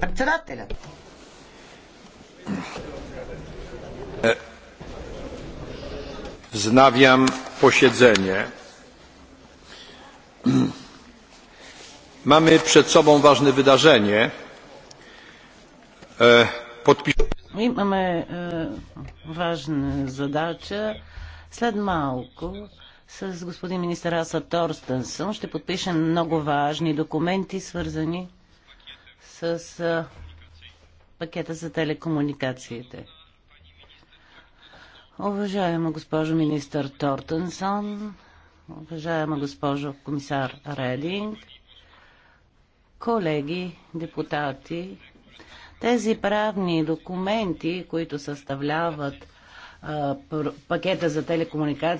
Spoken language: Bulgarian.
Председателят. Wznawiam posiedzenie. Mamy przed sobą ważne wydarzenie. Podpis... Имаме е, важна задача. След малко с господин министър Аса Торстенсън ще подпишем много важни документи, свързани с пакета за телекомуникациите. Уважаема госпожо министър Тортенсон, уважаема госпожо комисар Рединг, колеги, депутати, тези правни документи, които съставляват а, пакета за телекомуникации,